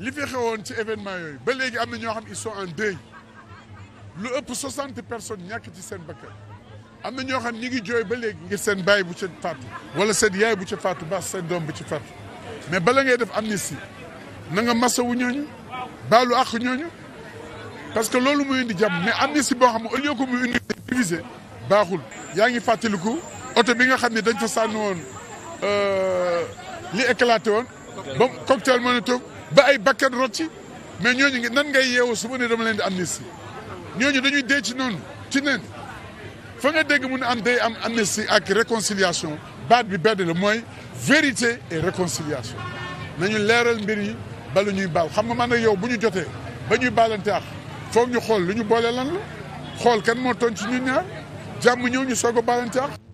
li fi xewoon ci événement yooyu ba léegi am na ñoo xam ils sont en deuil lu ëpp soixante personnes ñàkk ci seen bakkan am na ñoo xam ñi ngi jooy ba léegi ngi seen baay bu ca faatu wala seen yaay bu ci faatu baax seen doom bu ci faatu mais bala ngay def am ni si na nga masawu ñooñu baalu àq ñooñu parce que loolu mu indi jàmm mais am si boo xam ne au mu que muy indi divisé baaxul yaa ngi fàttaliku oto bi nga xam ne dañ fa sànni woon euh, li éclaté woon ba cocktail molotov ba ay bakkan rot ci mais ñooñu ngi nan ngay yeewoo suba ne dama leen di amnistie ñooñu dañuy dee ci noonu ci neen fa nga dégg mun ne am day am amnistie ak réconciliation baat bi bedd la mooy vérité e réconciliation nañu leeral mbir yi ba ñuy baal xam nga man ak yow bu ñu jotee ba ñuy baalante ak foog ñu xool lu ñu boole lan la xool kenn moo toon ci ñun ñaar jàmm ñëw ñu soog a baalante ak